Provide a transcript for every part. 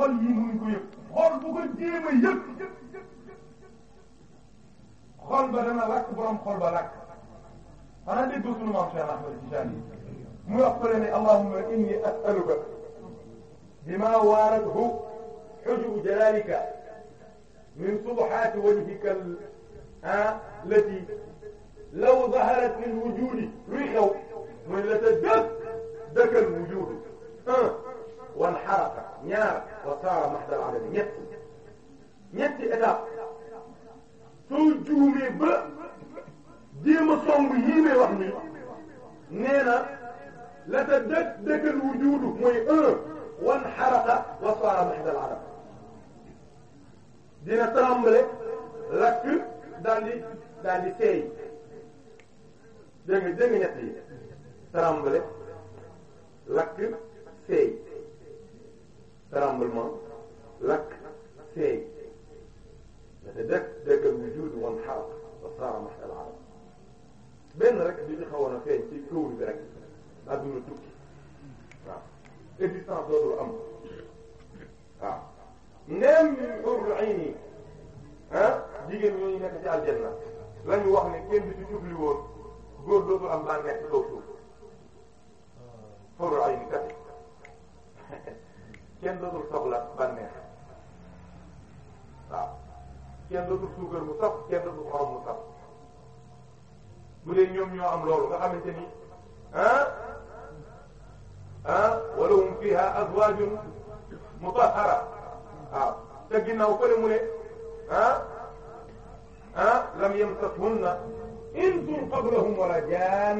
xol yi mënuñ ko yëg xol bu ko jéem a yëg xol ba dana lakk borom xol ba lakk xanaa dégg nga sunu maam Cheikh Ahmed Tidiane mu wax fële ne allahumma inni as'aluka bima waarathu hujub jalalika min subhati wajhika allati law zaharat min wujudi luy xew mooy la ta dëkk dëkkal wujudi wan xaraka ñaar wa saara maxdal adami ñetti ñetti étape soo juumee ba jéem a song yii wax nii nee la ta dëgg dëggal wujuudu mooy un wan xaraka wa saara maxdal adami dina tremble lakk daal di daal di seey dégg lakk seey tremblement lakk seey dafa dëkk dëkkal wujuud wan xaraq wa saara mahtal arab benn rek bi ñu xawoon a feeñ ci kawul bi rek adduna tukki waaw existence dootul am waaw neem url ayni ah jigéen ñooñu nekk ci aljanna la ñu wax ne kenn bi ci jubli woon góor dootul am bànneex ci kaw suuf url ayni kat kenn dootul soxla bànneex waaw kenn dootul suukar mu saf kenn dootul xorom mu saf bu dee ñoom ñoo am loolu nga xamante ni ah ah wala hum fiha azwajun mutahhara waaw te ginnaaw fële mu ne ah ah lam yamsashunna insun qablahum wala jaan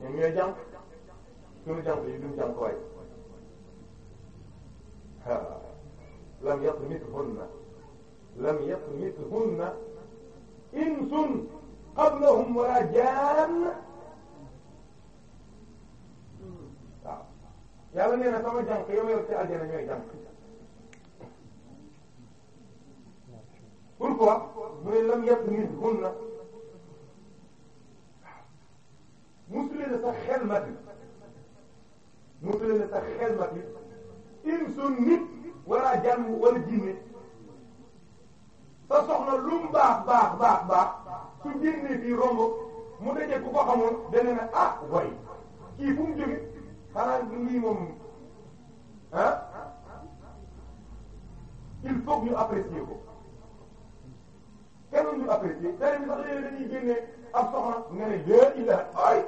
ñoom ñooy jànq suñu jant yi duñu jànkuwaay ah lam yatmithunna lam yatmithunna insun qablahum wala jaan waaw yàlla nee na sama jànk yow yow ci àjjana ñooy jànk pourquoi mu ne lam yatmithunna musule na sax xel ma mu tële ne sax xel ma fi insun nit wala jàmm wala jinne sa soxla lu mu baax baax baax baax su génnee fii romb mu dajee ku ko xamoon dana ne ah way kii fu mu jógee xanaa moom ah il faut que ñu apprécier ko kenn ñu apprécier dara ni sax léeg-léeg dañuy génnee soxla nga ne yaa ay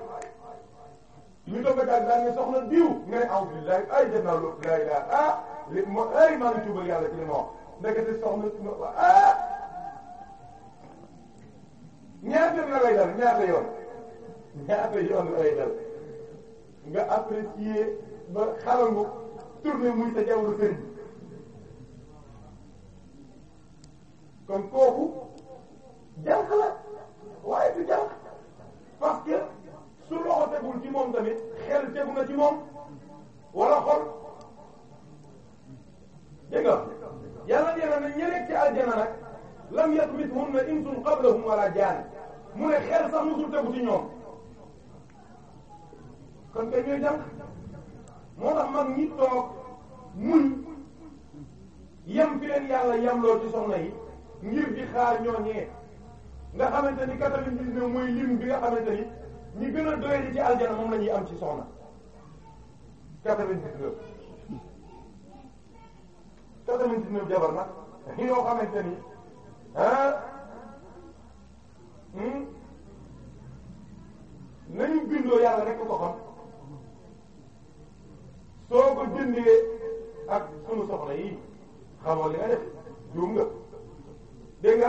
ñu doog a daal daal ne soxna diw nga ne alhamdulilah ay jënd naa loolu laa ah, li ma ay maa ngi tuubal yàlla ci li ma wax ndekete soxna si ma ah ñaata la lay dal ñaata yoon ñaata yoon la lay dal nga apprécier ba xalangu tourné muy sa jaww ji sëriñ kon kooku jànq la waaye du jànq parce su loxo tegul ci moom tamit xel tegu na ci moom wala xol dégg nga yàlla nee na ña nekk ci aljana nag lam yatmithunna insun qablahum wala jaan mu ne xel sax musul tegu ci ñoom kon kay ñooy jàng moo tax mag ñi toog muñ yem fi leen yàlla yemloo ci soxna yi ngir di xaar ñooñee nga xamante ni quatre vingt lim bi nga xamante ñi gën a doyadi ci aljana moom la ñuy am ci soxna quatre-vingt-dix-neuf quatre-vingt-dix-neuf jabar nag yoo xamante ni ah hmm, nañu bindoo yàlla rek ko xam soo ko jëndee ak sunu soxla yi xamoo li nga def nga dégg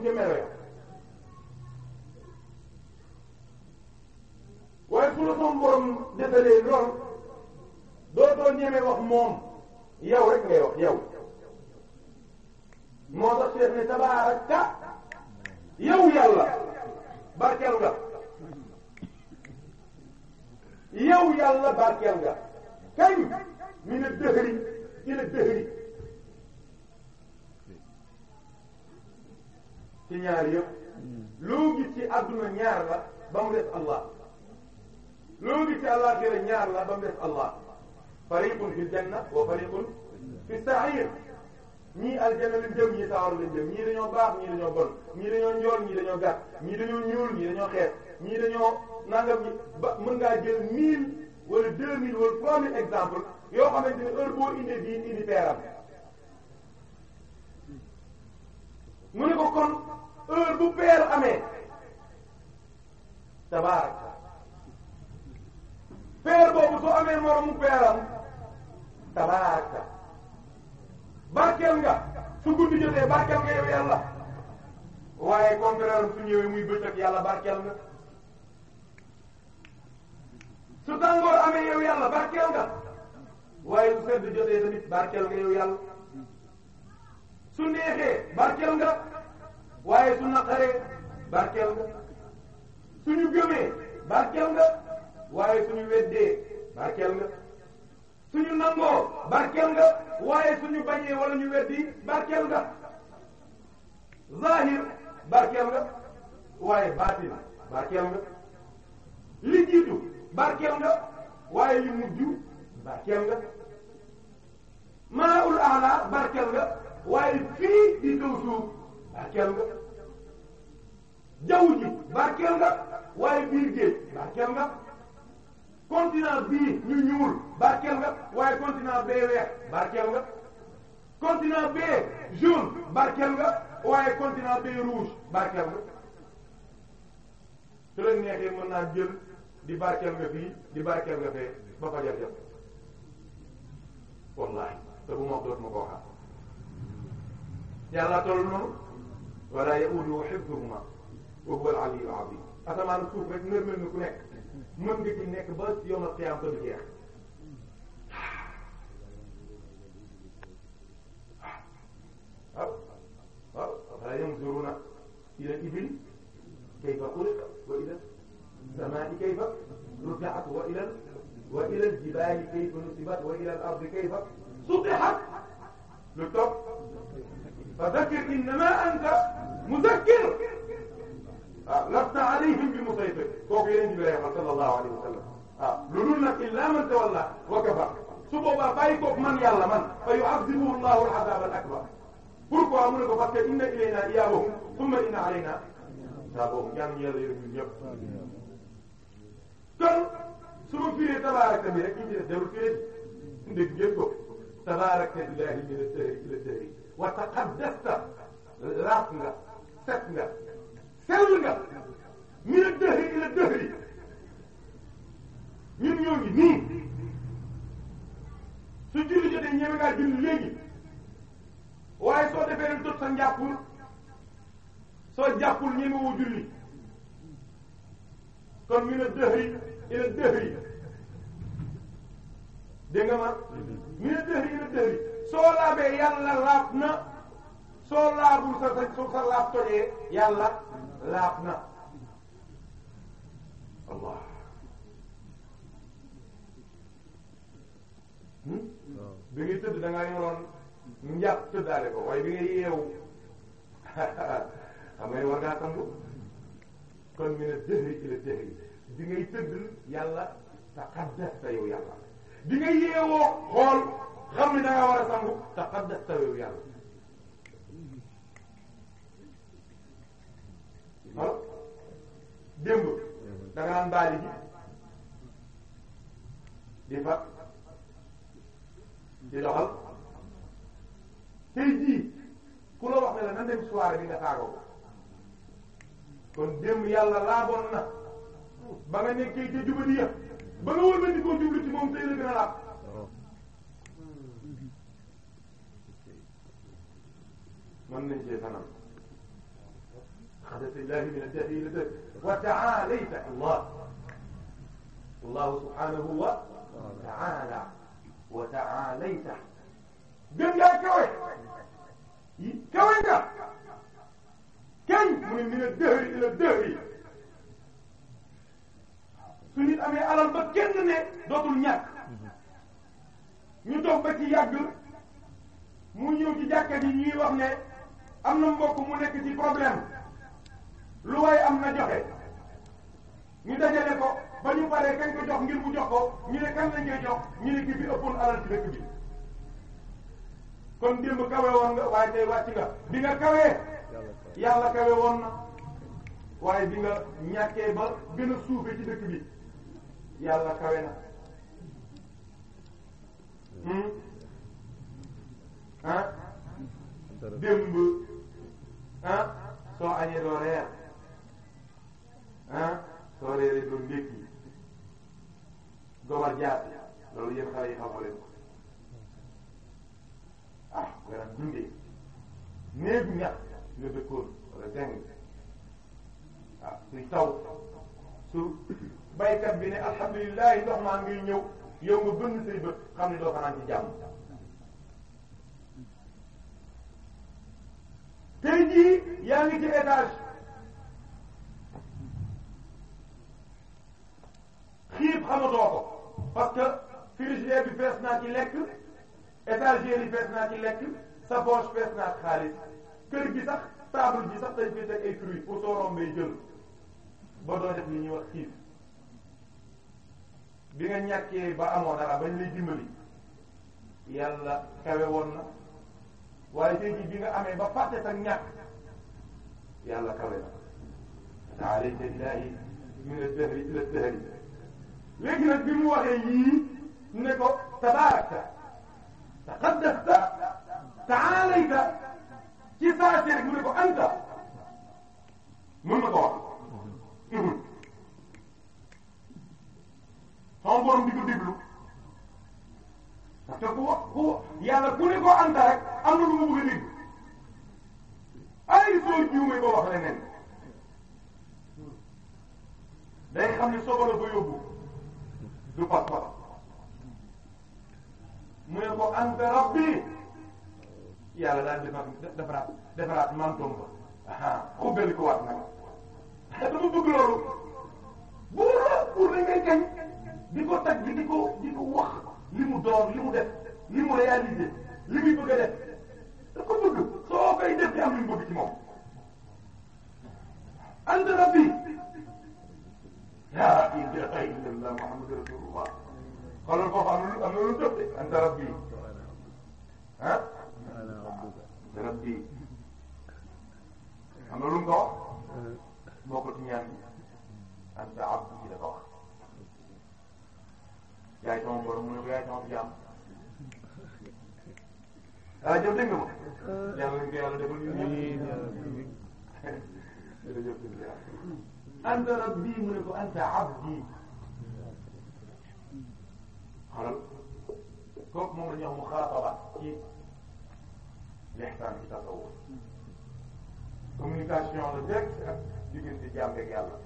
gëm ca melo ñii aljana lañ jëm ñii sawar lañ jëm ñii dañoo baax ñii dañoo bon ñii dañoo njool ñii dañoo gàtt ñii dañoo ñuul ñii dañoo xeet ñii dañoo mën ngaa jël mille wala deux mille wala trois mille exemples yoo xamante ne heure boo indee bii indi peeram mu ne ko kon heure bu peer amee tabarak peer boobu soo amee moromu peeram barkeel nga su guddi jotee nga yow yàlla waaye contraire su ñëwee muy bëccëg yàlla barkel nga su tàngoor amee yow yàlla barkeel nga waaye su sedd jotee tamit barkeel nga yow yàlla su neexee nga waaye su naqaree barkeel nga suñu gëmee barkeel nga waaye suñu weddee barkeel nga suñu nangoo barkeel nga waaye suñu bañee wala ñu weddi barkeel nga zahir barkeel nga waaye baatin barkeel nga li jiitu nga waaye li mujj barkeel nga maa ul ala barkeel nga waaye fii di kaw suuf barkeel nga jaww ji nga waaye biir géej nga continent b ñu ñuul barkeel nga waaye continent bee weex barkeel nga continent bee jaune barkeel nga waaye continent bee rouge barkeel nga su leen neexee naa jël di barkeel nga fii di barkeel nga fee ba fa jar jot wallahi te bu ma doot ma ko wala yauduhu hifzuhuma wa huwa al-aliyyu al-azim asamaan suuf rek ni ku nekk mën nga ci nekk ba yomal xiyaam ko du jeex waaw waaw afalaa yanzuruuna ilal ibil kayfa xuliqat wa ilal samaa'i kayfa rufa'at wa ilal wa ilal jibaali kayfa nusibat wa ilal ardi kayfa sutihat lu topp fa dakkir innamaa anta mudakkir waaw ah, lasta alayhim bi musaytir kooku yeneen bi lay waxal sallallahu alayhi wa sallam waaw ah, lu dul nag illa man tawalla wa kafar su boobaa bàyyi koog man yàlla man fa yu'adhibuhu Allahu al-'adhab al-akbar pourquoi mu ne ko parce que inna ilayna iyaabahum thumma inna alayna hisaabahum ñaan yàlla yërëm ñun ñëpp. kon su ma firee tabaaraka bi rek ñu ci def jarul firee dégg ngeen ko tabaaraka billahi min ash-shahri ila ash-shahri wa taqaddasta laaf nga set nga. sell nga ñu ne dëxri ila dëxri ñun ñoo ngi nii su julli jotee ñeme ngaa julli léegi waaye soo defee rek jot sa njàppul soo jàppul ñeme woo julli kon ñu ne dëxri ila dëxri dégg nga ma ñu ne dëxri ila dëxri soo laabee yàlla laab na soo laabul sa sa soo sa laab tojee yàlla laab na allah hmm? bi ngay tëdd da ngaa yoroon njàpp tëddaale ngay yeewu xam nga war kon mi ne dëhri ila dëhri bi ngay tëdd yàlla taqaddasta yow yàlla bi ngay yeewoo xool xam ne da ngaa war a sangu taqaddasta yow yàlla ah démb da nga ji di fa di doxal tey jii ku la wax ne la nan dem soirée bi nga na ba nga nekkee ca jubadi ya ba nga wër ba di ko jublu ci moom tey la gën a laab حدث الله من الدهر إلى الدهر وتعاليت الله الله سبحانه وتعالى وتعاليت gën yaa kawe kawe nga kañ mu ne min ad-dahri ila ad-dahri su nit amee alal ba kenn ne dootul ñàkk ñu toog ba ci yàgg mu ñëw ci jàkka ji ñuy wax ne am na mbokk mu nekk ci problème lu am na joxe ñu dajale ko ba ñu paree kañ ko jox ngir mu jox ko ñu ne kan lañ koy jox ñu ne kii bi ëppoon alal ci dëkk bi kon démb kawe woon nga waaye tey nga bi nga kawee yàlla kawe woon na waaye bi nga ñàkkee ba gën a suufee ci bi yàlla kawe na hmm? ah démb ah soo añee doo reer ah soo reeree doon ndékki gobar jaat loolu yéen xale yi xamoo leen ko ah nga dundee néegu ñax nga dëkkoon wala deng ah suy taw su baykat bi ne alhamdulilah ndox maa ngi ñëw yow nga bënn say bët xam ne doo fanaan ci jàmm tey jii yaa ngi ci étage xiif xamatoo ko parce que frigidaire bi fees naa ci lekk étagère yi fees naa ci lekk sa poche fees naa xaalis kër gi sax table bi sax dañ koy teg ay fruits pour soo rombee jël ba doo def li xiif bi nga ñàkkee ba amoon dara bañ lay dimbali yàlla xewe woon na waaye tey jii bi nga amee ba fàtte sa ñàkk yàlla kawe na. ta'ala ilahi min ad-dahri ila ad-dahri léegi nag bi mu waxee yii ne ko tabaarakta taqaddasta ci saa si rek mu ne ko anta mën na ko wax. sama di ko déglu parce que ku ku yàlla anta rek lu mu bëgg a dégg ay soo juumee ba wax leneen day xam ne sobo la ko du pas-pas mu ne ko anta rabbi yàlla daal defar defaraat defaraat mantoom ba ah xubbali ko waat nag dama bëgg la pour la ngay gañ di ko tag bi di ko di li mu doon li mu def li mu réalisé li def da ko bëgg soo koy def di am li mu bëgg ci moom anta rabbi laa ilaha illa allah muhammadu rasulullah xoolal foofu am na lu mu jot de anta rabbi ah anta rabbi am na lu mu ko wax moo ko ci ñaan bi anta abdi la ko wax yaay sama borom mu ne ko yaay sama jaam ah jërëjëf dégg nga ma yàlla nañ ko yàlla defal ñu anta rabbi mu ne ko anta abdi xolal kooku moom la ñuy wax mu xaataba ci lextaan ci tasawuf communication la direct ak diggante jaam ak yàlla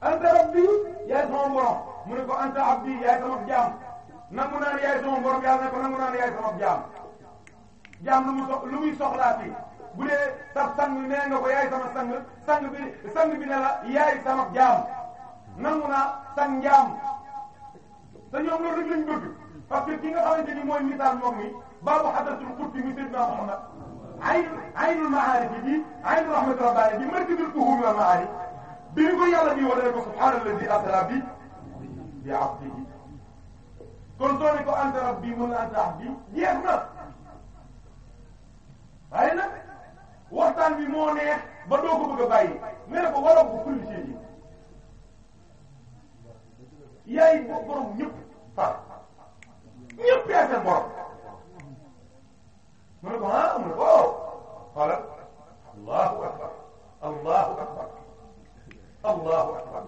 waaw anta rabbi yaay sama borom mu ne ko anta abdi yaay sama jaam nangu naa ne yaay sama borom yàlla ne ko nangu naa ne yaay sama jaam jaam lu muy soxlaa fi bu dee sax sang bi nee nga ko yaay sama sang sang bi sang bi ne la yaay sama jaam nangu naa sang njaam te ñoom loolu rek lañ bëgg parce que ki nga xamante ni mooy misaal moom mi baabu xadatul qudsi mi sayyidina Muhammad ay aynul maarif bi aynul rahmati rabbani bi markazul fuhum wal maarif bi ko yàlla di wane ko subhaanallazi asra bi bi abdihi kon soo ko anta rabbi mun anta abdi jeex na waaye nag waxtaan bi moo neex ba doo ko bëgg a bàyyi mais nag bu kulli seen yi yaay borom ñëpp far ñëpp yaa seen borom ne ko ah mu ne ko oh xoolal allahu akbar allahu akbar allahu akbar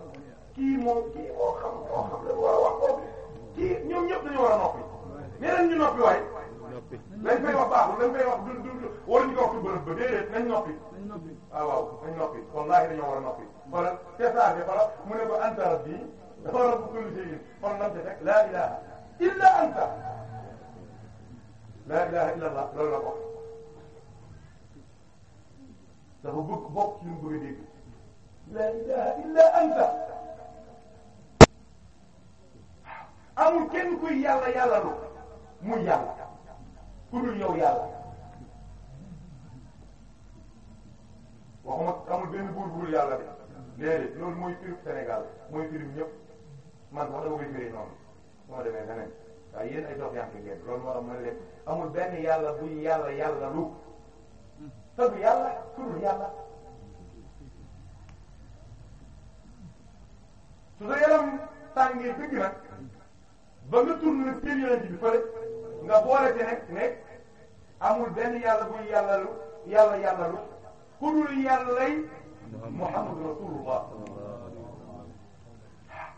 kii moo kii moo xam moo xam la war a wax kooku kii ñoom ñëpp dañu war a noppi lañ koy wax baaxul lañ koy wax du du du waruñu ko wax du bërëb ba déedéet nañ noppi. nañ noppi ah waaw nañ noppi wallaahi dañoo war a noppi. wala tesaage wala mu ne ko anta rabbi dafa war a bu kulli shay'in kon lan ca teg laa ilaha illa anta laa ilaha illa allah loolu la ko dafa bëgg bokk ci lu mu bëgg a dégg laa ilaha illa anta amul kenn kuy yàlla yàlla lu muy yàlla. ku dul yow yàlla waxuma amul benn buur buur yàlla bi léegi loolu mooy firim Sénégal mooy firim ñëpp man wax dama koy firee noonu su ma demee neneen waaye yéen ay dox yànq ngeen loolu moo tax ma ne leen amul benn yàlla buy yàlla yàlla lu tëb yàlla ku dul yàlla su sa yaram tàngee dëgg nag ba nga tourné seen yonent bi fële nga boole ci nag ne amul benn yàlla buy yàlla lu yàlla yàlla lu ku dul yàlla lay Muhammad Rasulullah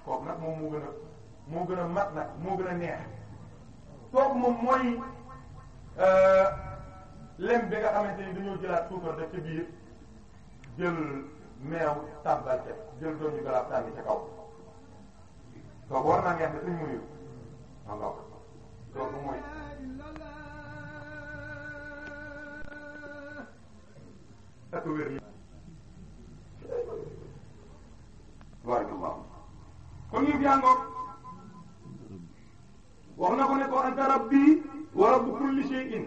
kooku nag moom moo gën a moo gën a mat nag moo gën a neex kooku moom mooy euh, lem bi nga xam xamante ni dañoo jëlaat suukar def ci biir jël meew tàmbal ca jël doon galaab tànni ca kaw kooku war naa neex ne suñ muyu alors loolu mooy ak wér yi barakallah kon yëf yaa ngoog wax na ko ne ko anta rabbi wa rabbu kulli shay'in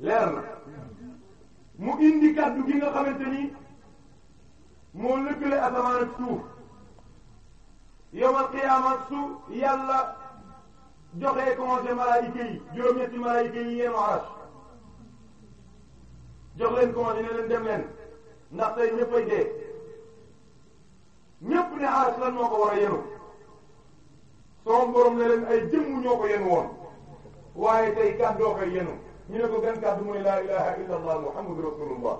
leer mu indi kàddu gi nga xamante ni moo lëkkale asamaan ak suuf yawmal qiyaama su yàlla joxe congé malaayika yi juróom-ñetti malaayika yi yéen arash jox leen congé ne leen dem leen ndax tey ñëpp ay dee ne arash lan moo ko war a yenu son borom ne leen ay jëmm ñoo ko yenu woon waaye tey kàddoo koy yenu ñu ne ko gan kàddu mooy laa ilaha illa allah muhammadu rasulullah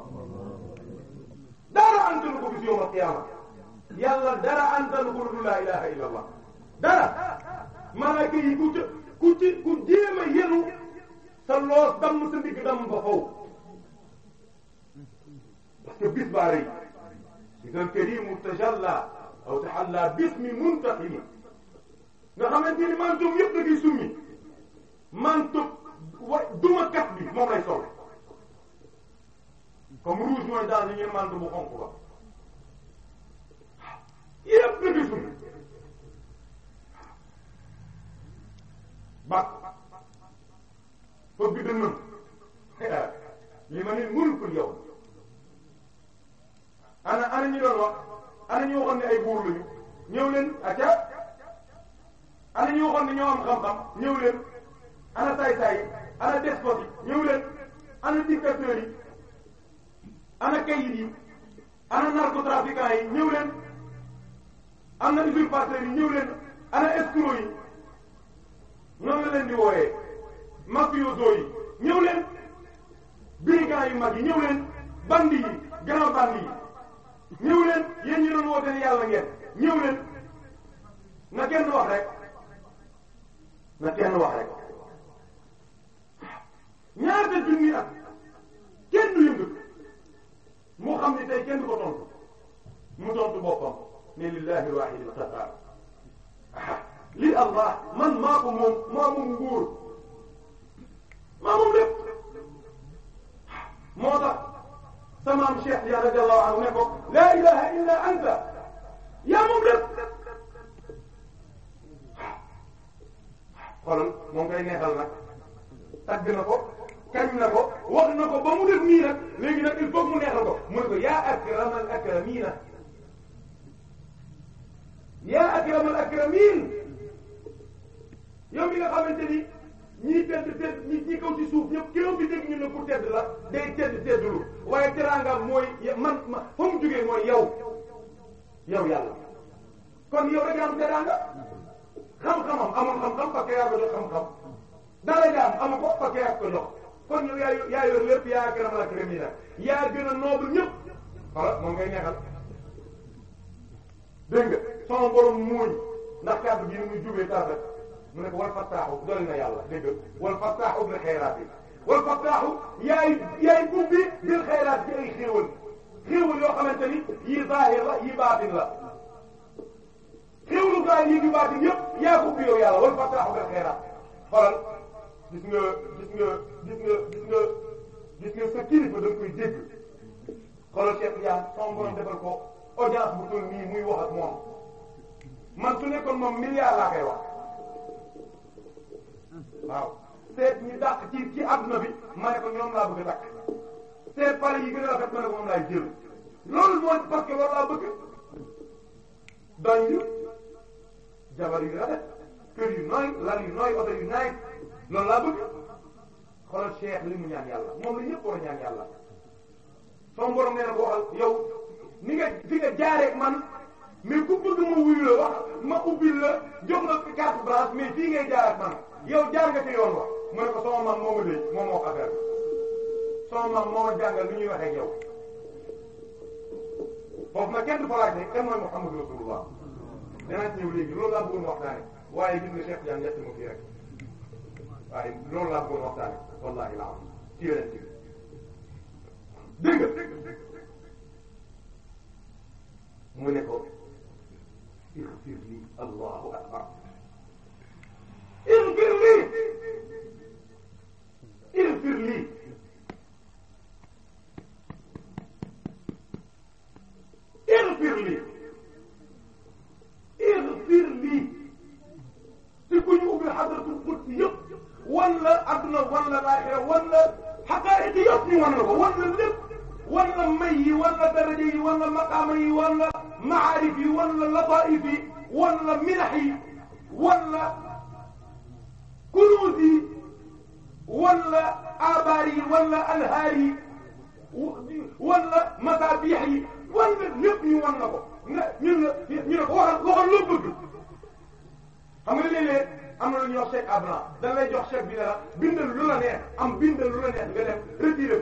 dara antalu ko bis yowm al qiyaama yàlla dara antalu ko laa ilaha illa allah dara malaaka yi ku ci ku jéem a yenu sa loos damm sa ndigg ba faw parce que bis baa rëy idan karimu tajalla aw taxalla bismi muntaximi nga xamante ni mantoom yëpp da ngay summi mantoom wa duma kat bi moom lay sol comme rouge mooy daal ni ñuy mantu bu xonq ba ba fëgg dënnam li ma ne mulkul yow ana ana ñu doon wax ana ñu ay buur lañu ñëw leen acca ana ñu waxoon ne ñoo am ñëw leen ana saay-saay yi ana despote yi ñëw leen ana dictateur yi ana kayit yi ana narcotrafiquant yi ñëw leen ana usurpateur yi ñëw ana escroc noonu la leen di wooyee mafioso yi ñëw leen brigand yu ma yi ñëw leen bandi yi grand bandi yi ñëw leen yéen ñi doon woote ne yàlla ngeen ñëw leen na kenn wax rek na kenn wax rek ñaata junni at kenn du mu xam ne tey kenn du boppam ne lillahi al-wahid al-qahhar lii allah man maa ko moom maa moom nguur maa moom lépp moo tax samaam Cheikh ya radiyallahu anhu ne ko laa ilaha illa anta yaa moom lépp xoolal moom koy neexal nag tagg na ko kañ na ko wax na ko ba mu def nii nag léegi nag il faut mu neexal ko mu ne ko yaa akramal akramiina yaa akramal akramiin yow mi nga xamante ni ñiy tedd tedd ñi ñi kaw ci suuf ñëpp kéem bi dégg ñu ne ku tedd la day tedd teddlu waaye teraangaam mooy man ma fa mu jógee mooy yow yow yàlla kon yow rek am teraanga xam-xamam amoon xam-xam parce que yaa ko jox xam-xam darajaam amu ko parce que yaa ko jox kon yow yaa yaa lépp yaa gënal ak rëmm yi nag yaa gën a noobu ñëpp voilà moom ngay neexal dégg nga sama borom muuñ ndax kàddu gi ni jubee tàggat. mu ne ko wal fattaaxu doy na yàlla dégg wal fattaaxu bil xayraat yi wal fattaaxu yaay yaay ubbi bil xayraat bi ay xéewal xéewal yoo xamante ni yii zaahir la yii baatin la xéewalu zaahir yi baatin yëpp yaa ko ubbi yow yàlla wal fattaaxu bil xayraat xoolal gis nga gis nga gis nga gis nga gis nga sa kilifa da nga koy dégg xoolal Cheikh Ndiaye son borom defal ko audience bu toll nii muy wax ak moom man su nekkoon moom milliard laa koy wax. waaw seet ñu dàq ci ci adduna bi ma ne ko ñoom laa bëgg a seet pare yi gën a rafet ma ne ko moom laay jël loolu mooy parce que loolu laa bëgg doñ jabar yu rafet kër yu nooy lal yu nooy oto yu naay loolu laa bëgg xoolal Cheikh li mu ñaan yàlla moom la ñëpp war ñaan yàlla sama borom nee na ko yow ni nga fi nga jaareeg man mais ku bëgg ma wuyu la wax ma ubbil la jox la carte blanche mais fii ngay jaar ak man yow jaar nga ci yoon mu ne ko sama maam moo ma dégg moo ko affaire bi sama moo ma lu ñuy waxee ak yow foofu nag kenn du ko laajte kenn mooy Muhammad Rasulullah danaa ci ñëw léegi loolu laa bëggoon waxtaane waaye gis nga Cheikh Diagne yàq ma fii rek waaye loolu laa bëggoon waxtaane wallaahi laa am ci yeneen ci dégg nga mu ne ko. ighfir li allahu اغفر لي اغفر لي اغفر لي اغفر لي ci ku ñu ubbi xadratul qudsi yëpp wala adduna wala laaxira wala xaqaa'iq yëpp ñu wan la ko wala lépp wala may yi wala daraja yi wala maqaama yi wala maarif yi wala lataif yi wala minax yi wala kunuus yi wala abaar yi wala anhaar yi wala masaabiix yi wala lépp ñu loo bëgg xam nga léeg-léeg am na lu ñuy wax chèque à blanc jox chèque bi dara bindal lu la neex am bindal lu neex nga dem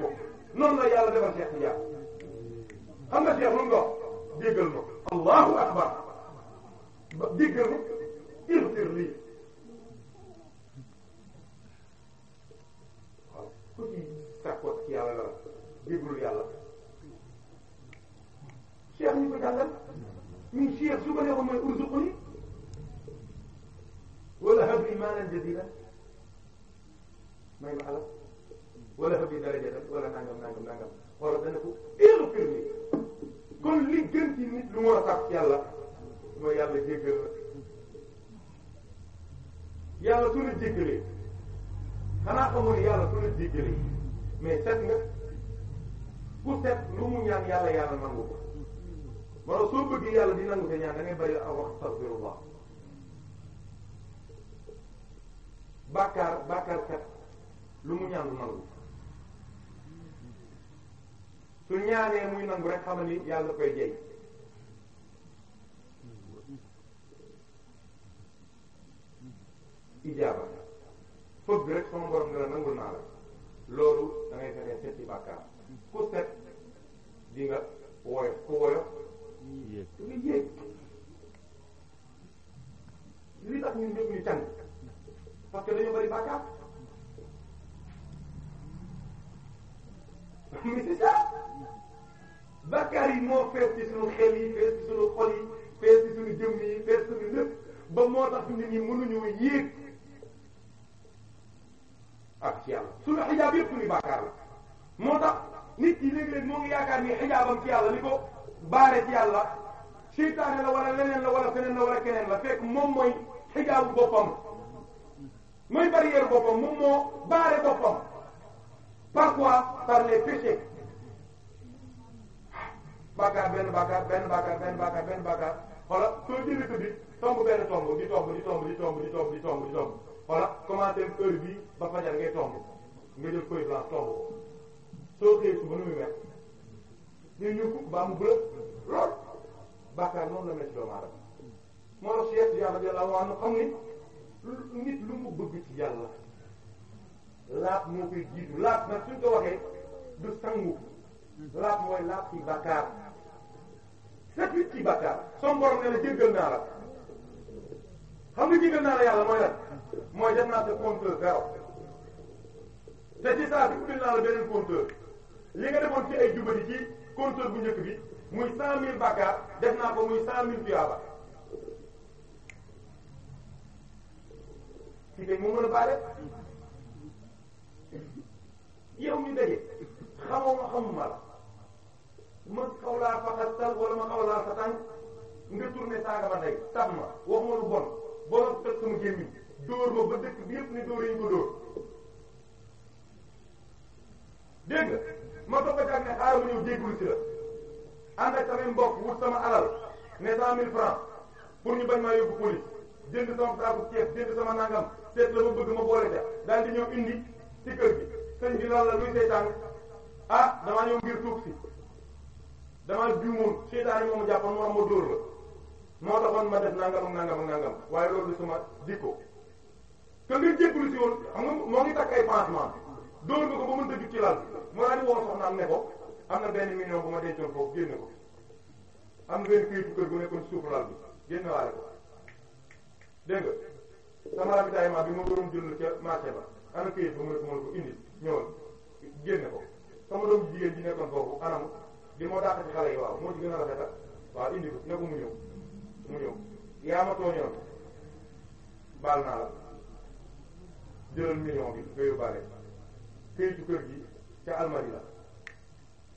ko noonu la yàlla defal Cheikh Ndiaye xam nga Cheikh lu mu wax déggal ma. allahu akbar ba déggal ma irtir ku ci sàkkoot ci yàlla la jéglul yàlla cheikh ñu ko jàngal ñun cheikh su ko neexoon mooy urzuquni wala habli maalan jadida ma alal wala wala nangam nangam nangam wala dana ko éloquer ni kon li gën ci nit lu mu war a sàkk yàlla mooy yàlla jéggal la yàlla su la jéggalee xanaa xamoon yàlla ku la jéggale mais set nga ku set lu mu ñaan yàlla yàlla nangu ko wala soo bëgg yàlla di nangu sa ñaan da ngay bari a wax astaghfirullah bàkkaar bàkkaar kat lu mu ñaan lu nangu nangu rek xamal ni yàlla koy fëgg rek sama borom ne la nangul naa la loolu da ngay fexe seet ci bàkkaar ku set di nga woyof ku woyof di nga ñu que dañoo bari bàkkaar mais c'est ça moo fees ci suñu xel yi fees ci suñu xol yi fees ba moo tax nit ñi mënuñu yéeg ah ci yàlla suñu xijaab yëpp suñu bàkkaar la moo tax nit ki léeg-léeg moo ngi yaakaar ni xijaabam ci yàlla li ko baare ci yàlla seytaane la wala leneen la wala feneen la wala keneen la fekk moom mooy xijaabu boppam mooy barrière boppam moom moo baare boppam par quoi par les péchés bàkkaar benn bàkkaar benn bàkkaar benn bàkkaar benn bàkkaar xoola soo jëlee ko bi tomb benn tomb di tomb di tomb di tomb di tomb di tomb di tomb wala comment dem heure bii ba fajar ngay tomb nga jël soo xëyee suba nu muy wex ñu ñu ko ba mu bleu lool bàkkaar noonu la mel ci doomu aadama moo la Cheikh Tidiane ni lu mu bëgg ci yàlla laat moo koy jiitu laat nag suñ ko waxee du sangu laat mooy laat ci bàkkaar set wit ci bàkkaar som borom ne la jéggal naa la xam nga jéggal naa la yàlla mooy lan mooy dem naa sa compteur zéro te ci saa si ubbil naa la beneen compteur li nga defoon ci ay jubali ci compteur bu njëkk bi muy cent mille bàkkaar def naa ko muy cent mille tuyaaba ci kay moo mën a baale yow ñu daje xamoo ma xamuma la ma xaw laa faxastal wala ma xaw laa sa tànk nga tourné saaga ma tey tab ma wax ma lu bon borom tëj sama gémmiñ dóor ma ba dëkk bi yëpp ni dóor yi ko dóor dégg ma toog a jàng ne xaaral ma ñëw jégalu la ànd ak mbokk wut sama alal ne cent mille francs pour ñu bañ maa yóbbu police jënd sama saaku ceeb jënd sama nangam seet la bëgg ma boole ca daal di ñëw indi ci kër gi sëñ bi lan la luy seytaan ah damaa ñëw ngir tuub si damaa juumoon seytaan yi moom jàppoon moo dóor la moo taxoon ma def nangam nangam ak nangam waaye suma dikko te nga jébbalu si woon xam nga moo ngi takk ay pansement dóor nga ko ba mënta jug ci laal moo daal di woo soxnaam ne ko am na benn million bu ma dencoon foofu génn ko am benn këyitu kër gu nekkoon suuf laal bi génn waale ko dégg nga sama ravitaillement bi ma doon jënd ca marché ba ana këyit ba mu ne ko mën ko indi ñëwal génn ko sama doom jigéen ji nekkoon foofu anam di moo dàq ci xale yi waaw moo ci gën a rafetal waaw indi ko ne ko mu ñëw mu ñëw yaa ma tooñoon baal naa la jëlal million bi nga yóbbaale këyitu kër gi ca Almadies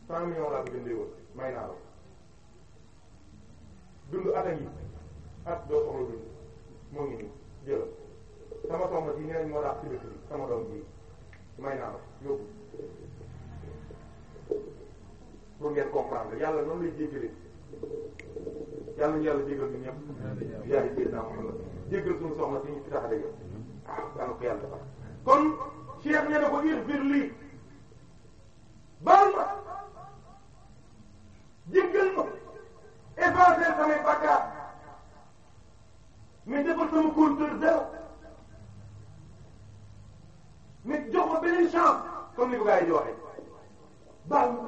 la cent millions laa ko jëndee woon may naa la dund atam at doo soxla dund moo ngi nii sama soxna si ñeneen moo daax ci sama doom bi may naa la yóbbu pour ngeen comprendre yàlla noonu lay jéggalee yàlla ñu yàlla jéggal ñu ñëpp yàlla jéggal naa moom la jéggal suñu soxna si ñu fi tax yàlla ko yàlla defal kon Cheikh nee na ko irfir lii baal ma jéggal ma effacer samay bàkkaar mais defal sama compteur zéro mais jox ma beneen chance comme ni ko gars yi di waxee baal ma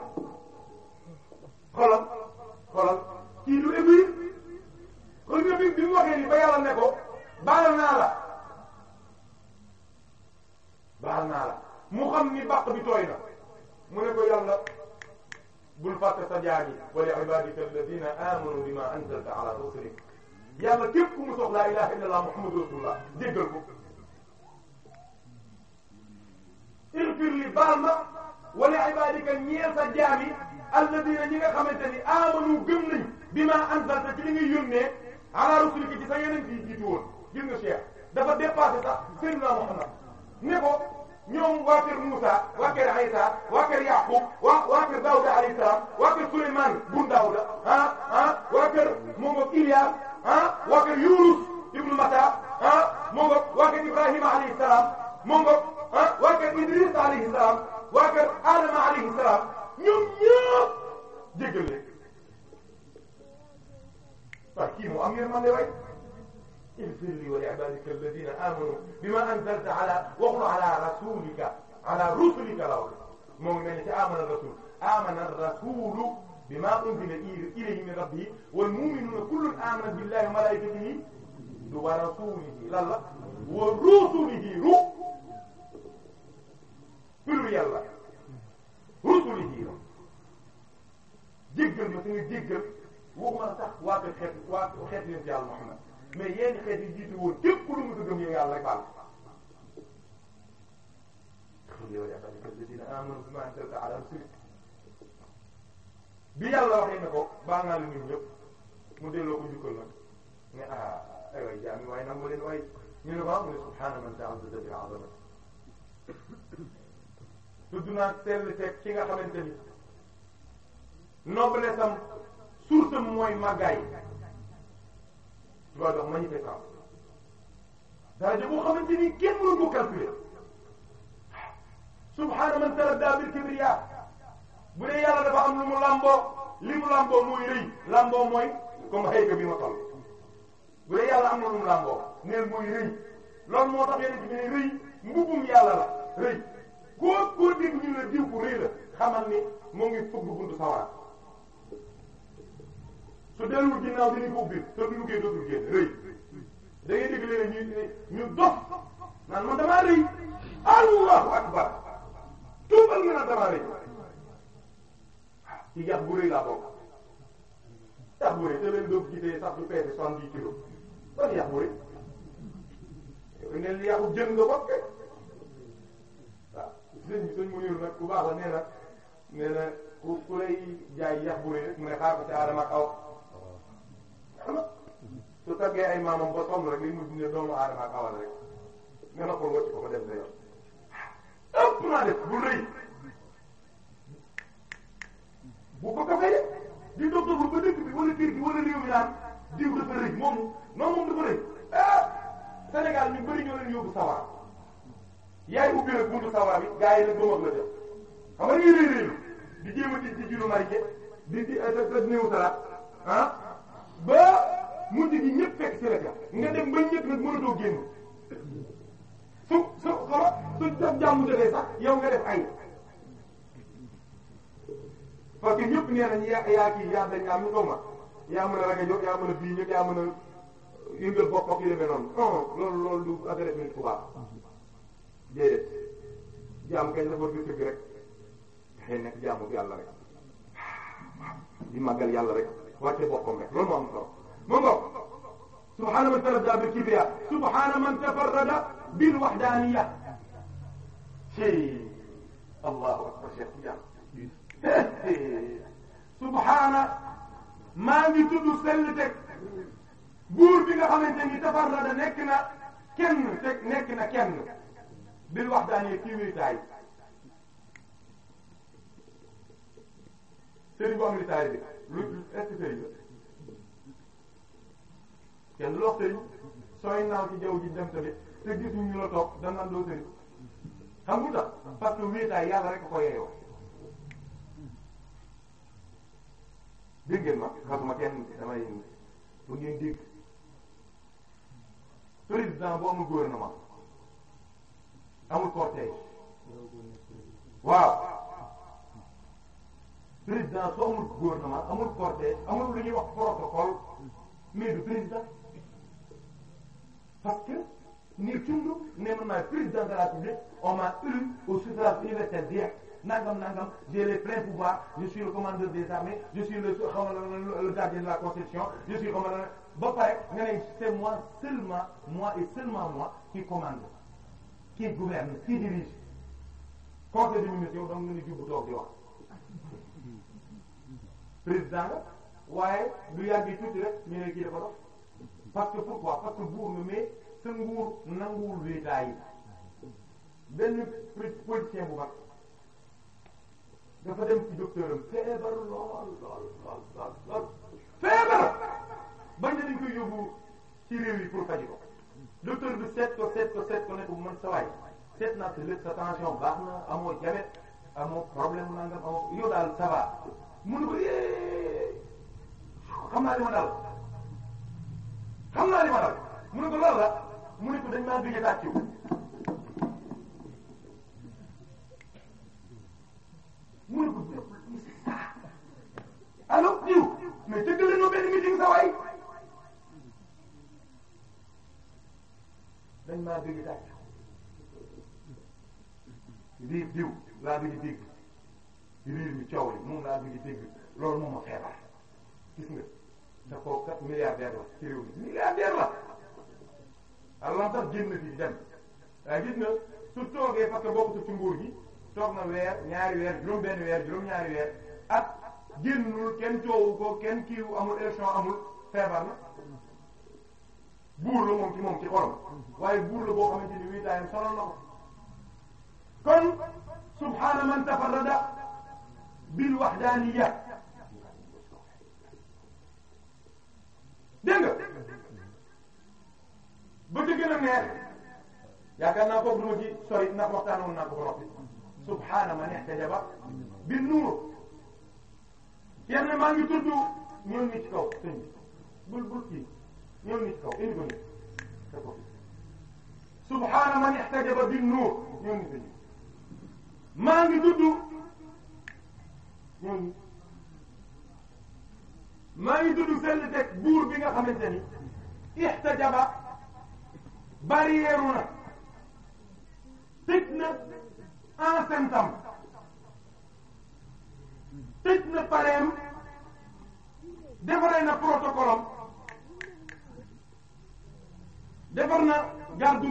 xolal xolal kii du ébuy kon nga bi bi mu ni ba yàlla ne ko baal naa la baal naa la mu xam ni bàq bi tooy na mu ne ko yàlla bul fàtte sa jaam yi wa li ibadika alladina amanu bima anzalta ala rusulik yàlla képp ku mu soxla la ilaha illallah muhammadu rasulullah jéggal ko irfir li baal ma wa li ibadika ñeel sa jaam yi alladina ñi nga xamante ni amanu gëm nañ bima anzalta ci li ngay yónnee ala rusulik ci sa yeneen yi jiitu woon gis nga cheikh dafa dépassé sax sëriñ la muhammad ne ko ñoom waa kër Moussa waa kër Aïssa waa kër Yaqub waa waa kër Daouda alayhi salaam bun Daouda ah ah waa kër moo ibnu Mata ah moo ngoog waa kër Ibrahima alayhi Idris alayhi salaam waa kër Adama alayhi salaam ñoom ñëpp jéggal leen am yéen man de اغفر لي ولعبادك الذين آمنوا بما أنزلت على وقل على رسولك على رسلك لو moom mel ni ci amana rasul amana rasulu bima unzila ilayhi min rabbihi wal mu'minuna kullun amana billahi wa malaikatihi wa rasulihi lalla wa rusulihi ru pilu yàlla rusulihi ru jéggal ma su nga jéggal waxuma sax waa xeet waa xeet yéen ci yàlla Muhammad mais yenn xeet yi jiitu woon képp lu mu gëm yow yàlla rek baal bi yàlla waxee ne ko baa ngaa lu ñun ñëpp mu delloo ko jukkal nag ne ah aywa jaam yi waaye nangu leen waaye ñu ne ah, mu ne subhaana man ta'azzza bi azamati tudd naa sell teg nga xamante ni noblesse am source am mooy màggaay looy dox manifestation daraja boo xamante ni kenn mënu ko calculer subhaana man taradda bil kibriya bu dee yàlla dafa am lu mu lamboo li mu lamboo mooy rëy lamboo mooy comme xëy bi ma toll bu dee yàlla am na lu mu lamboo neen mooy rëy loolu moo tax yeneen bi ne rëy mbubum yàlla la diw ku rëy la xamal ni moo ngi fëgg buntu sawara su delluwul ginnaaw dinañ ko ubbi te bu duggee dootul génn rëy da ngay dégg léegi ñu ñu dox naan man damaa rëy allahu akbar tuubal nga naan damaa rëy ci yax bu rëy laa bokk yax bu rëy te leen doog gisee sax du peese soixante-dix kilos ban yax bu rëy neen yàqu jën nga bopp ku baax la nee na ku ku lay jaay yax bu rëy rek mu ne xaar ko ci su taggee ay maamam ba sonn rek li mu ne doomu aadama ak awal rek nga na ko wacc ko ko def sa yoon ëpp naa def bu bu ko kafee de di toog toog ba dëkk bi wala kër gi wala réew mi naan diw dafa rëy moom non moom dafa rëy ah Sénégal ñu bëri ñoo leen yóbbu sawar yaay ubbi rek buntu sawar bi gaa yi nag doom ak la def xam di jéem a ci ci juróom-marike di di di néew salaat ah. ba mujj gi ñëpp fekk ci la ca nga dem ba ñëpp nag mënatoo génn su su xawa su def jàmm sax yow nga def ay parce ñëpp nee nañ yaa yaa kii am xaw ma yaa mën a ragal jóg yaa mën a fii ñëpp yaa mën a yëngal bopp ak yu demee noonu non oh, loolu loolu du affaire bi ku baax déedéet jàmm kañ la war di tëgg rek dafay yàlla rek di màggal yàlla rek. wàcce boppam rek loolu moo am solo ma ngoog subhaana man taradda bil kibriya subhaana man tafarrada bil wahdaniya ci allahu akbar cheikh Tidiane subhaana maa ngi tudd sell teg buur bi nga xamante ni tafarrada nekk na kenn teg nekk na kenn bil wahdaniya kii wéetaay sëriñ bu am li taay bi loolu est-ce que sëriñ la kenn du lox sëriñ sooy naaw ci jaww ji dem tamit te gis ñu la toog da naan doo sëriñ xam nga tax parce que wéetaay yàlla rek ko yeyoo dégg ngeen ma xamuma kenn damay bu ngeen dégg président bu amul gouvernement amul cortège waaw président su amul gouvernement amul cortège amul lu ñuy wax protocole mais du président parce que ni tundu ne man maay président de la République on m'a élu au suffrage universel direct nangam nangam j'ai les pleins pouvoirs je suis le commandeur des armées je suis le xaw de la constitution je suis commandant ba pare nga ne moi seulement moi qui commande qui gouverne qui dirige conseil de ministre yow donc nga ne jubbu président la waaye du yàgg tuuti rek ñu ne kii dafa dox parce que pourquoi parce que buur nga mais sa nguur nanguwul wéetaay yi benn politicien bu mag dafa dem ci docteur am feebar lool lool lool lool lool feebar bañ na dañ koy yóbbu ci réew yi pour faji ko docteur bi seet ko seet ko seet ko ne ko man sa waay seet naa sa lépp sa tension baax na amoo diabète amoo problème nangam amoo yow daal ça va mun ko yee xam naa li ma dal xam naa ma dal mu ko lan la mu ne ko dañ maa gëj a tàccu ko ah, allo diw mais tëggale ñoo benn meeting sa waay dañ maa gëj a tàccu diw diw laa gëj a riir mi coow li moom laa bëgg dégg loolu moom ma feebar gis nga ko kat milliardaire la ci réew mi milliardaire la allah sax génn na fi dem waaye gis nga su toogee parce que bokkut ci nguur gi toog na weer ñaari weer juróom benn weer juróom ñaari weer ak génnul kenn coowu kenn kiiwu amul élection amul feebar na buur la moom ci moom ci xolam waaye buur la boo xamante ni wii taayam sonal na ko subhaana man tafarrada bil waxdaaniya dégg nga bëgg gën a neex yaakaar naa kooku lu ma ci sori ndax waxtaanoon naa ko ko noppi subhaana man ihtajaba bin nuur kenn maa ngi tudd ñëw nit man ihtajaba bin nuur ñëw nit ñooñu maa ngi dudd fenn teg buur bi nga xamante ni ixtajaba barrière na tëj na enceinte-am tëj na pareem defaree na protocole defar na garde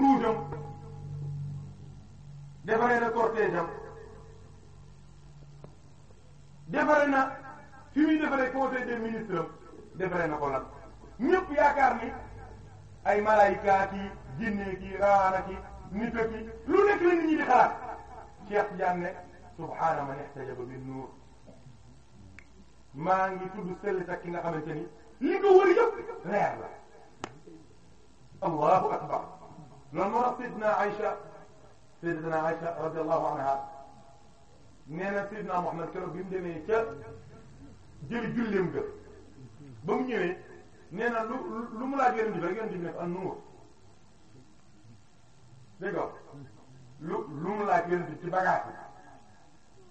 defaree na cortège defare na fi defare conseil des ministres defare na ko lan ñëpp yaakaar ni ay malayka ki jinne ki raana ki di xalaat Cheikh Janne subhaana man ihtajaba bin nuur maa ngi tudd sell tak ki nga xamante ni li ko wër yëpp leer la akbar loolu moo tax Seydina Aïcha anha nee na Seydina Muhammad keroog bi mu demee ca jëli julleem ga ba mu ñëwee nee na lu lu mu laaj yonent bi rek yonent bi nekk an lu lu mu laaj yonent ci bagage yi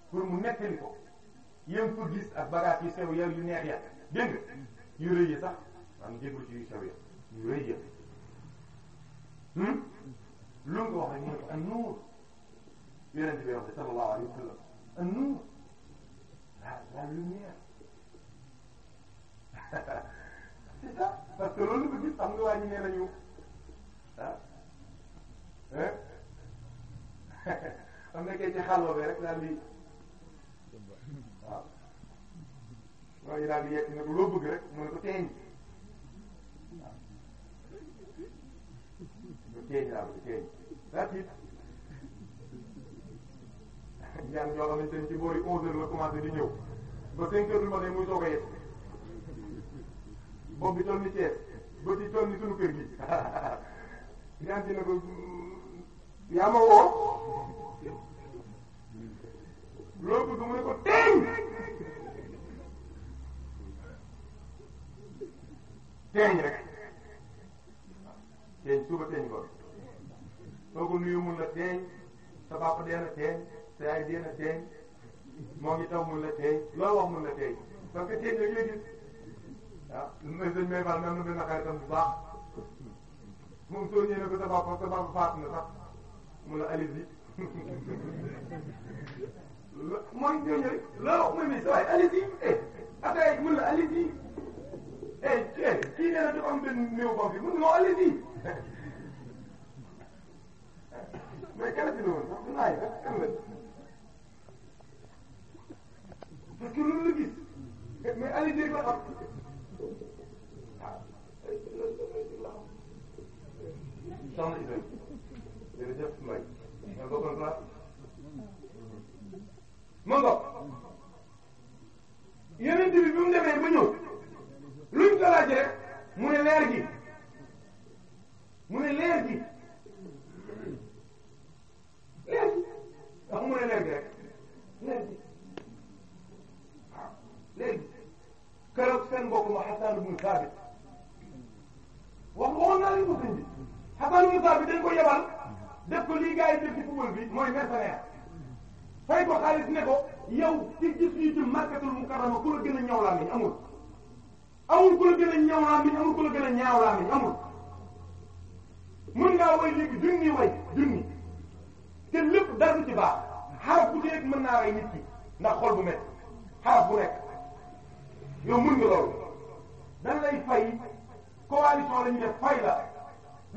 pour mu nettali ko yéen ko gis ak bagage yu sew ya yu neex ya dégg yu rëy yi sax am jéggu ci yu sew ya yu rëy hmm? lu mu ko wax rek mu ne ko an nuur yonent bi wax en nous la, la lumière c'est ça parce que loolu bu nga waa ñu nee nañu ah am nekkee ci xalwa bi rek daal di waaw waaw yi daal di yegg ne ko loo bëgg rek mu ne ko teeñ waaw teeñ daal jaan yoo xamante ne ci boori 11h la commencé di ba 5h du matin muy soog a yegg bopp ni Thiès ba ci toll ni sunu kër gi jaan ci ne ko yaa ma woo loolu bëgg mu ne ko teeñ teeñ rek teeñ suba teeñ ko soo ko nuyu mun la teeñ sa bàpp dee te ay dina teeñ moom itam mun la teeñ loolu wax mun la teeñ parce que teeñ la ñuy gis waaw mooy sëñ Mbaye Fall même nu mu la xaritam bu baax moom soo ñëwee ko sa papa sa papa faatu na sax mu la Aliou bi mooy ñooñu rek loolu wax mooy sa waay Aliou bi eh affaire yi mun la Aliou bi eh eh kii nee na dafa am benn néew bopp bi mun nga Aliou bi mais kenn si ne woon sax du laaj rek kenn la. parce que loolu la gis mais Aliou dee ko xam waaw soxna Ibrahima jërëjëf Mbaye nga bokkoon place ma ngoog yeneen bi bi mu demee ba ñëw luñ ko laajee mu ne leer gi mu ne leer gi seen mbokk ma Xasan ibnu Saabit wax waxoon naa leen ko sëñ bi Xasan ibnu Saabit dañ ko yebal def ko lii gars yi def ci football bi mooy mercenaire fay ko xaalis ne ko yow ci gis ñi ci Makkatul Mukarrama ku la gën a ñaw laa miñ amul amul ku la gën a ñaw laa miñ la gën a amul mën ngaa way léegi junni way junni te lépp dara ci baax xaraf bu nekk mën naa rey nit ki ndax xol bu métti xaraf bu nekk yow mun nga loolu dañ lay fay coalition la ñu def fay la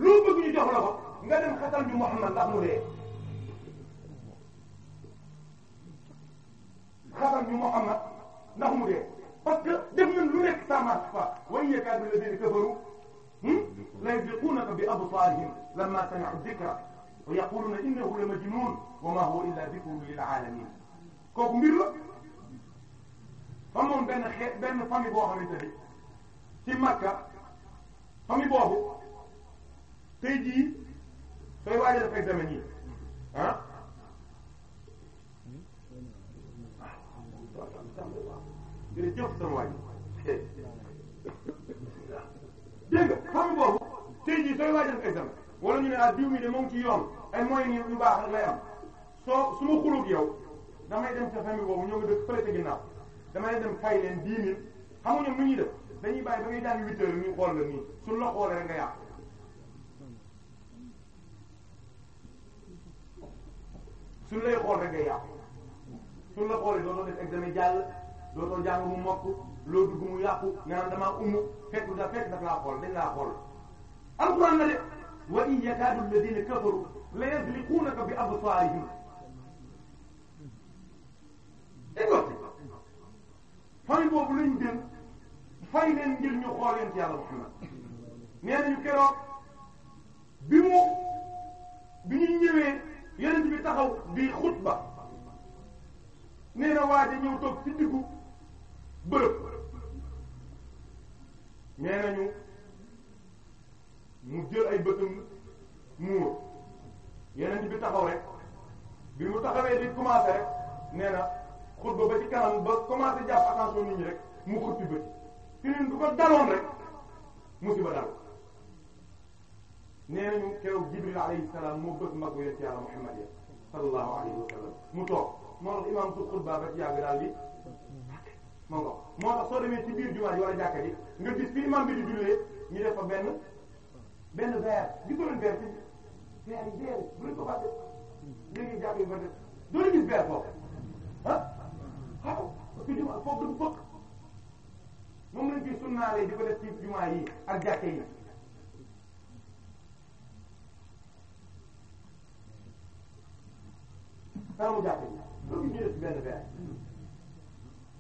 loo bëgg ñu jox la ko nga dem xatal bi Muhammad ndax mu dee xatal bi Muhammad ndax mu dee parce que def nañ lu nekk ça marche pas wa in yakaadu alladhina kafaru hmm? la yuziqunaka bi absarihim lamma sami'u dhikra wa yaquluna innahu la majnun wa ma huwa illa dhikrun lil alamin kooku mbir la nekkee benn famille boo xamante ne ci Makka famille boobu tey jii sooy waaj def examen yi ah. jërëjëf sama dégg nga boobu tey jii sooy waaj def examen ñu ne ah diw mi de moom ci yoon ay moyens yu baax lay am soo su ma xulóog yow damay dem sa famille boobu ñoo ngi dëkk fële ca ginnaaw. damay dem fay leen dix mille xamuñu nu ñuy def dañuy bàyyi ba ngay jàng huit heures ñu xool la nii suñ la xoolee rek nga yàqu. suñ lay xool rek nga yàqu suñ la xoolee dootoo def examen jàll dootoo jàng mu mokk loo dugg mu yàqu nga naan damaa umu fekk da fekk daf laa xool dañ laa xool alxuraan la de wa in yakaadu alladina kafaru la yasliquunaka bi absaarihim famille boobu lañ dem fay leen ngir ñu xool yonent yàlla Muhammad nee nañu keroog bi mu bi ñu ñëwee yonent bi taxaw di xutba nee na waa ji ñëw toog ci diggu bërëb nee nañu mu jël ay bëtam muur yonent bi taxaw rek bi mu taxawee di commencé rek nee na xutba ba ci kanam ba commencé jàpp attention nit ñi rek mu xëppi bët fi neen du ko daloon rek musiba dal nee nañu jibril alayhi salaam moo bëgg mag yonent yàlla mu toog moo tax imam su xutba ba ci yàgg daal di ma ngo moo tax soo demee ci biir jumaa ji jàkka ji nga gis fi imam bi di jullee ñu def fa benn benn verre gisoleen verre ci verre yi verre bu leen ko fàtte léegi jàkk yu fa def doo gis verre foofu ah? waaw parce que jumaa foofu la bokk moom lañ fi sunnaalee di ko def ci jumaa yi ak jàkke yi saamu jàkke yi loolu ñu def benn verre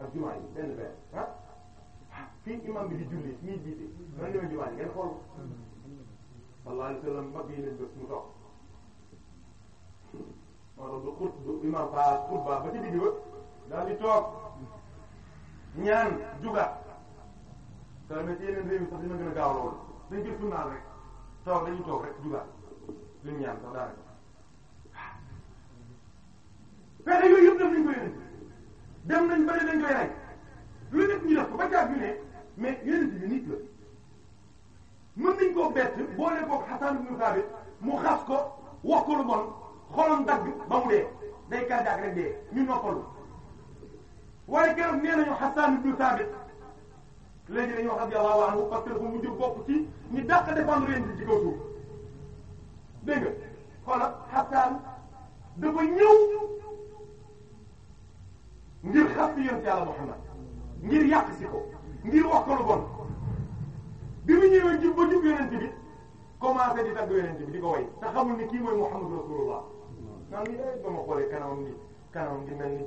ak jumaa yi benn verre ah fii imam bi di julli ñuy jiite dana ñëw jumaa yi ngeen xool sallallahu alayhi wa sallam mbagg yi lañ def mu toog moo tax du xut du imam ba xutba ba ci digg ba daal di toog ñaan jugaat te tamit yeneen réew yi sax dina gën a gaaw loolu dañ koy sunnaal rek toog dañuy toog rek jugaat duñ ñaan sax daanaka pexe yooyu yëpp def nañ ko yeneen dem nañ bëri dañ koy rey lu nekk ñu def ko ba caag ñu ne mais yeneen bi nit la mën nañ koo bett boole koog Hasan ibn Thabit mu xas ko wax ko lu bon xolam dagg ba mu dee day kàddaak rek dee ñu noppalu. waaye keroog nee nañu Hassan ibn Thabit léegi dañuy wax radiyallahu anhu parce que dafa mujj bokk ci ñi dàq défendre leen ci kaw suuf dégg nga xoolal Hassan dafa ñëw ngir xas ci yonent Yàlla Muhammad ngir yàq si ko ngir wax ko lu bon bi mu ñëwee jub ba jub yonent bi commencé di tagg yonent bi di ko way te ni kii mooy Muhammad Rasulullah naan ni eh, ay ba ma xoolee kanamam ni kanamam di mel ni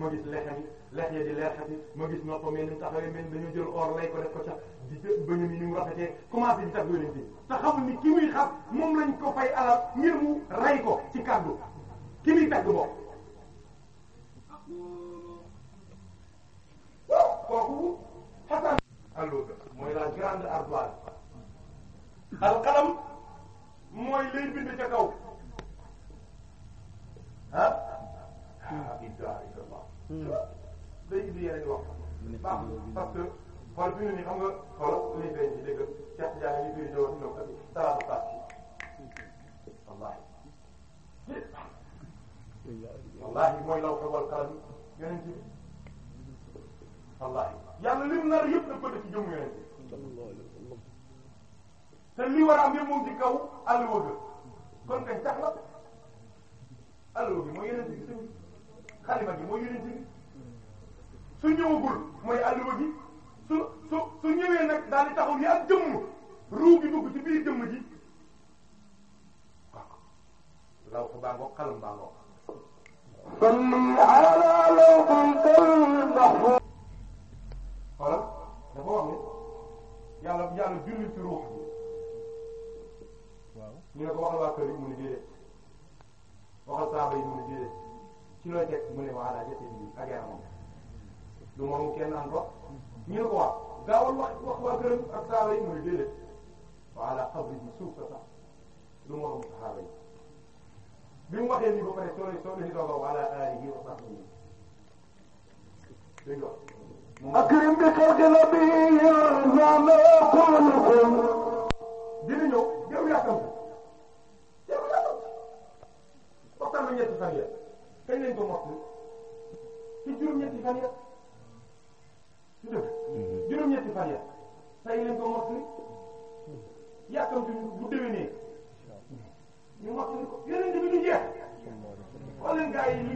ma gis lexam yi lex ya di leexati ma gis noppam yi ni mu taxawee mel dañoo jël or lay ko def ko ca di bëñu mi ni mu rafetee commencé di tax yonent bi te xamul ni ki muy xam moom lañ ko fay alal ngir mu rey ko ci kàddu ki muy tagg bokk kooku xasan alluuga mooy la mooy lay bind ca kaw ah la ilaha illallah day indi yeneen wax baax parce que xool fi mu ne xam nga xool liy feeñ ci dëgg Cheikh Ndiaye ñu koy ñëwoon ñoom tamit salaatu Fatou wallaahi wallaahi mooy law xewal xalam yeneen ci wallaahi yàlla lim nar yëpp da ko def ci jëmm yeneen te li war a am yëpp moom ci kaw àll kon kay tax la àll bi mooy yeneen ci xalima gi mooy yonent bi su ñëwagul mooy àlluwa gi su su su ñëwee nag daal di taxaw yi ak jëmm ruu gi dugg ci biir jëmm ji law ko baa ngoog xalam baa ngoog salli ala lawhil mahfuz voilà dafa wax ne yàlla yàlla julli ci ruux bi waaw ñu ne ko waxal waa kër yi mu ne déedéet waxal saaba yi mu ne déedéet ci looy teg mu ne voilà jotee bi ak yaa moom du moom kenn naan ko ñu ne ko wax gaawal wax wax waa këram ak saaba yi muy déedéet voilà xabri bi suuf sa sax du moom saaba yi bi mu waxee nii ba pare soo soo doon doog a voilà aalihi wa sahbihi dégg nga akrim bi xalqi nabiyyin zama qulukum dina ñëw yow yàkkam yow yàkkam waxtaan na ñetti fan kañ lañ ko mokk ci juróom-ñetti fan ya su def mhm. juróom-ñetti fan ya tey lañ ko mokk yàkkamti bu déwénee ñu mokk ko yeneen bi du jeex wala gaa yi